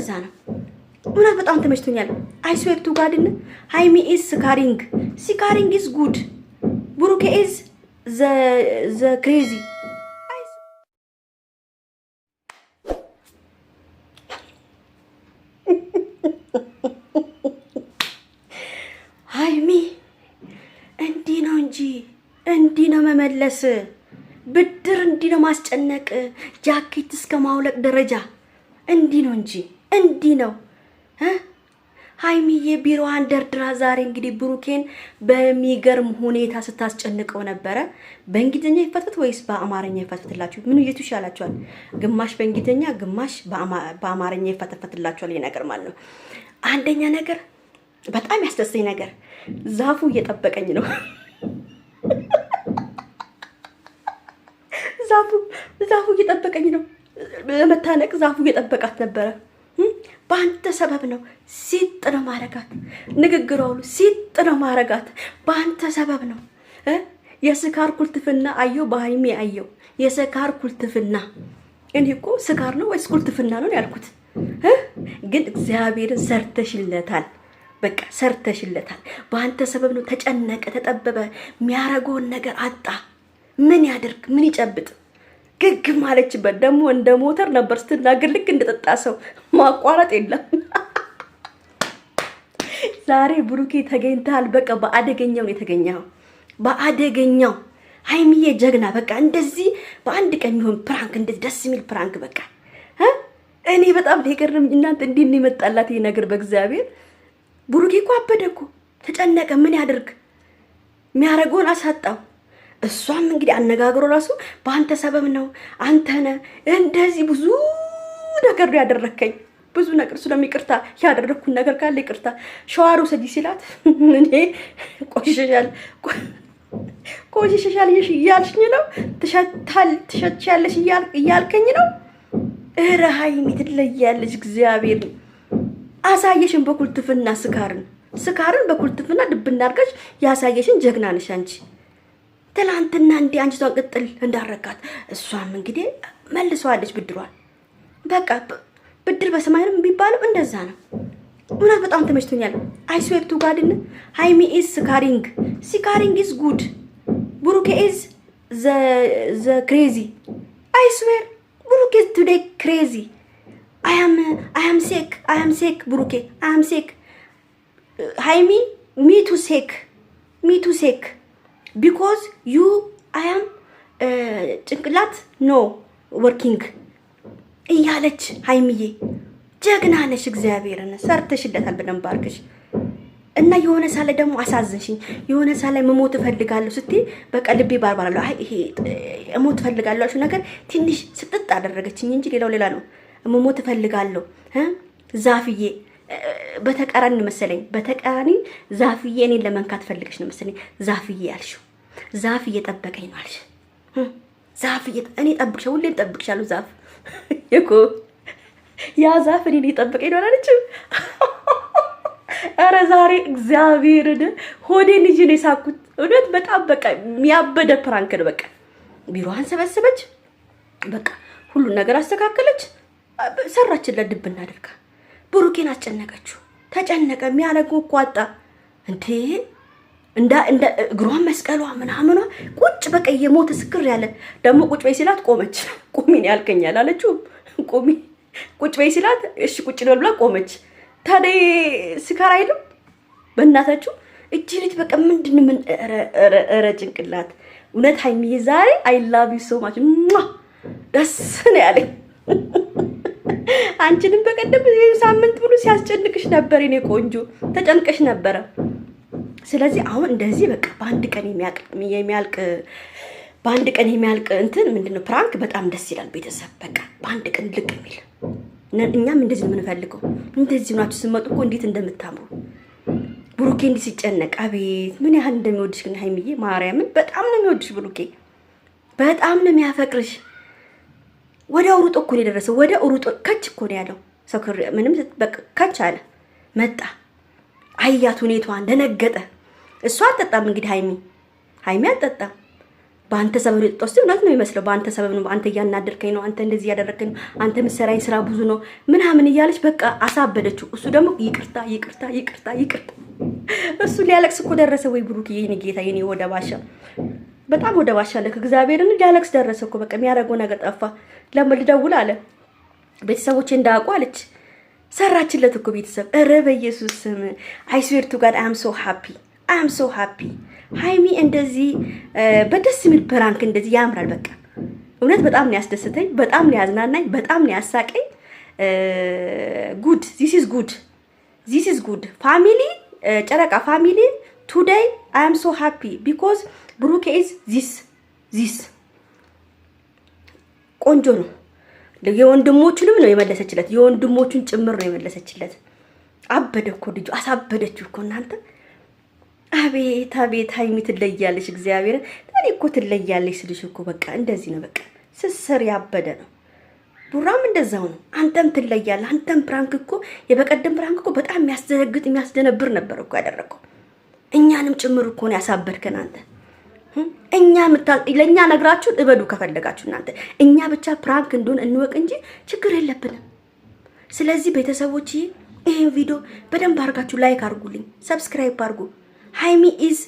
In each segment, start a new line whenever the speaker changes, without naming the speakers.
ለዛ ነው እውነት በጣም ተመችቶኛል። አይ ስዌር ቱ ጋድ ሃይሚ ኢዝ ስካሪንግ ስካሪንግ ኢዝ ጉድ ብሩኬ ኢዝ ዘ ክሬዚ ሃይሚ እንዲህ ነው እንጂ እንዲህ ነው መመለስ፣ ብድር እንዲህ ነው ማስጨነቅ፣ ጃኬት እስከ ማውለቅ ደረጃ እንዲህ ነው እንጂ እንዲህ ነው። ሀይሚዬ ቢሮዋን አንደርድራ ዛሬ እንግዲህ ብሩኬን በሚገርም ሁኔታ ስታስጨንቀው ነበረ። በእንግሊዝኛ ይፈትፍት ወይስ በአማርኛ ይፈትፍትላችሁ? ምን የቱ ይሻላችኋል? ግማሽ በእንግሊዝኛ ግማሽ በአማርኛ ይፈትፍትላችኋል። ይህ ነገር ማለት ነው። አንደኛ ነገር በጣም ያስደሰኝ ነገር ዛፉ እየጠበቀኝ ነው። ዛፉ ዛፉ እየጠበቀኝ ነው። በመታነቅ ዛፉ እየጠበቃት ነበረ። በአንተ ሰበብ ነው ሲጥ ነው ማረጋት። ንግግሯ ሁሉ ሲጥ ነው ማረጋት። በአንተ ሰበብ ነው። የስካር ኩልትፍና አየው፣ በሀይሜ አየው። የስካር ኩልትፍና እኔ እኮ ስካር ነው ወይስ ኩልትፍና ነው ያልኩት? ግን እግዚአብሔርን ሰርተሽለታል። በቃ ሰርተሽለታል። በአንተ ሰበብ ነው። ተጨነቀ፣ ተጠበበ። የሚያረገውን ነገር አጣ። ምን ያደርግ? ምን ይጨብጥ? ግግም አለችበት። ደግሞ እንደ ሞተር ነበር ስትናገር፣ ልክ እንደጠጣ ሰው ማቋረጥ የለም። ዛሬ ብሩኬ ተገኝተሃል። በቃ በአደገኛው ነው የተገኘው፣ በአደገኛው ሀይሚዬ ጀግና። በቃ እንደዚህ በአንድ ቀን የሚሆን ፕራንክ፣ እንደዚህ ደስ የሚል ፕራንክ። በቃ እኔ በጣም የገረመኝ እናንተ እንዲህ ይመጣላት ይሄ ነገር። በእግዚአብሔር ብሩኬ እኮ አበደ እኮ ተጨነቀ። ምን ያደርግ? የሚያደርገውን አሳጣው። እሷም እንግዲህ አነጋግሮ ራሱ በአንተ ሰበብ ነው አንተ አንተነ እንደዚህ ብዙ ነገር ያደረከኝ ብዙ ነገር ስለሚቅርታ ያደረግኩን ነገር ካለ ይቅርታ ሸዋሩ ሰጂ ሲላት እኔ ቆሽሻል ቆሽሻል እያልሽኝ ነው ትሸታል ትሸቻለሽ እያልከኝ ነው እረ ሀይሚ ትለያለች እግዚአብሔር አሳየሽን በኩልትፍና ስካርን ስካርን በኩልትፍና ድብና አድርገሽ ያሳየሽን ጀግና ነሽ አንቺ ትላንትና እንዲ አንጅቷን ቅጥል እንዳረጋት እሷም እንግዲህ መልሰዋለች ብድሯል። በቃ ብድር በሰማይ ነው የሚባለው፣ እንደዛ ነው። እውነት በጣም ተመችቶኛል። አይ ስዌር ቱ ጋድ ሃይሚ ኢዝ ስካሪንግ ሲካሪንግ ኢዝ ጉድ ብሩኬ ኢዝ ዘ ክሬዚ አይ ስዌር ብሩኬ ኢዝ ቱዴይ ክሬዚ አይ ሴክ አይ ሴክ ብሩኬ አይ ሴክ ሃይሚ ሚቱ ሴክ ሚቱ ሴክ ቢኮዝ ዩ አያም ጭንቅላት ኖ ወርኪንግ እያለች ሀይሚዬ ጀግና ነሽ። እግዚአብሔርን ሰርተሽለታል በደንብ አድርገሽ እና የሆነ ሳ ላይ ደግሞ አሳዘንሽኝ። የሆነ ሳ ላይ መሞት እፈልጋለሁ ስትይ በቃ ልቤ ባርባላለሁ ይሄ እሞት እፈልጋለሁ አልሽው ነገር ትንሽ ስጥጥ አደረገችኝ እንጂ ሌላው ሌላ ነው። መሞት እፈልጋለሁ ዛፍዬ በተቃራኒ መሰለኝ፣ በተቃራኒ ዛፍዬ እኔን ለመንካት ፈልገሽ ነው መሰለኝ። ዛፍዬ አልሽው፣ ዛፍ እየጠበቀኝ ነው አልሽ። ዛፍ እኔ ጠብቅሻለሁ፣ ሁሌም ጠብቅሻለሁ። ዛፍ እኮ ያ ዛፍ እኔን እየጠበቀኝ ነው አላለችም? ኧረ ዛሬ እግዚአብሔርን ሆዴን ይዤ ነው የሳኩት። እውነት በጣም በቃ የሚያበደ ፕራንክ ነው። በቃ ቢሮዋን ሰበሰበች፣ በቃ ሁሉን ነገር አስተካከለች፣ ሰራችን ለድብ እናደርጋ ብሩኬን አስጨነቀችው። ተጨነቀ። የሚያደርገው እኮ አጣ እንዴ እንዳ እንደ እግሯን መስቀሏ ምናምኗ ቁጭ በቃ የሞተ ስክር ያለ ደግሞ ቁጭ በይ ሲላት ቆመች። ቁሚ ነው ያልከኛል አለችው። ቁሚ ቁጭ በይ ሲላት እሺ ቁጭ ልበል ብላ ቆመች። ታዲያ ስካር አይልም በእናታችሁ እጅ ልጅ በቃ ምንድን ምን ኧረ ጭንቅላት እውነት ሀይሚዬ ዛሬ አይ ላቭ ዩ ሶ ማች ደስ ነው ያለኝ። አንቺንም በቀደም ሳምንት ብሎ ሲያስጨንቅሽ ነበር የኔ ቆንጆ፣ ተጨንቀሽ ነበረ። ስለዚህ አሁን እንደዚህ በቃ በአንድ ቀን የሚያልቅ በአንድ ቀን የሚያልቅ እንትን ምንድነው ፕራንክ በጣም ደስ ይላል። ቤተሰብ በቃ በአንድ ቀን ልቅ የሚል እኛም እንደዚህ ነው የምንፈልገው። እንደዚህ ናችሁ ስትመጡ እኮ እንዴት እንደምታምሩ ብሩኬ እንዲህ ሲጨነቅ አቤት ምን ያህል እንደሚወድሽ ግን ሀይሚዬ ማርያምን በጣም ነው የሚወድሽ ብሩኬ በጣም ነው የሚያፈቅርሽ። ወደ ሩጦ እኮ ነው የደረሰው። ወዲያው ሩጦ ከች እኮ ነው ያለው። ሰክር ምንም በቃ ከች አለ። መጣ አያት ሁኔቷን፣ ደነገጠ። እሷ አልጠጣም እንግዲህ ሀይሚ ሀይሚ አልጠጣም። በአንተ ሰበብ ነው የጠጣው። እውነት ነው የሚመስለው። በአንተ ሰበብ ነው፣ አንተ እያናደርከኝ ነው፣ አንተ እንደዚህ እያደረከኝ ነው፣ አንተ የምትሰራኝ ስራ ብዙ ነው ምናምን እያለች በቃ አሳበደችው። እሱ ደግሞ ይቅርታ ይቅርታ ይቅርታ ይቅርታ። እሱ ሊያለቅስ እኮ ደረሰ። ወይ ብሩክ፣ የኔ ጌታ፣ የኔ ወደ ባሻ፣ በጣም ወደ ባሻ ለክ እግዚአብሔርን ሊያለቅስ ደረሰ እኮ በቃ የሚያደርገው ነገር ጠፋ። ለምን ለምልደውል አለ ቤተሰቦቼ እንዳያውቁ አለች። ሰራችለት እኮ ቤተሰብ። እረ በኢየሱስ ስም አይስዌር ቱ ጋድ አም ሶ ሃፒ አም ሶ ሃፒ። ሃይሚ እንደዚህ በደስ የሚል ፕራንክ እንደዚህ ያምራል። በቃ እውነት በጣም ነው ያስደስተኝ፣ በጣም ነው ያዝናናኝ፣ በጣም ነው ያሳቀኝ። ጉድ ዚስ ኢዝ ጉድ ዚስ ኢዝ ጉድ ፋሚሊ፣ ጨረቃ ፋሚሊ ቱዴይ አይ አም ሶ ሃፒ ቢኮዝ ብሩኬ ኢዝ ዚስ ዚስ ቆንጆ ነው። የወንድሞቹንም ነው የመለሰችለት፣ የወንድሞቹን ጭምር ነው የመለሰችለት። አበደ እኮ ልጁ፣ አሳበደችው እኮ እናንተ። አቤት አቤት፣ ሀይሚ ትለያለች። እግዚአብሔር እኔ እኮ ትለያለች ስልሽ እኮ በቃ እንደዚህ ነው። በቃ ስስር ያበደ ነው። ቡራም እንደዛው ነው። አንተም ትለያለ። አንተም ፕራንክ እኮ የበቀደም ፕራንክ እኮ በጣም የሚያስደነግጥ የሚያስደነብር ነበር እኮ ያደረገው። እኛንም ጭምር እኮ ነው ያሳበድከን አንተ እኛ ለእኛ ነግራችሁን እበዱ ከፈለጋችሁ እናንተ። እኛ ብቻ ፕራንክ እንደሆን እንወቅ እንጂ ችግር የለብንም። ስለዚህ ቤተሰቦች ይሄን ቪዲዮ በደንብ አድርጋችሁ ላይክ አድርጉልኝ፣ ሰብስክራይብ አድርጉ። ሃይሚ ኢዝ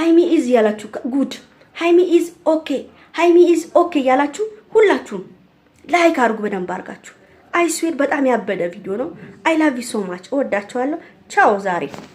ሃይሚ ኢዝ ያላችሁ ጉድ፣ ሃይሚ ኢዝ ኦኬ፣ ሃይሚ ኢዝ ኦኬ ያላችሁ ሁላችሁም ላይክ አድርጉ በደንብ አድርጋችሁ። አይስዌድ በጣም ያበደ ቪዲዮ ነው። አይ ላቭ ዩ ሶ ማች። እወዳችኋለሁ። ቻው ዛሬ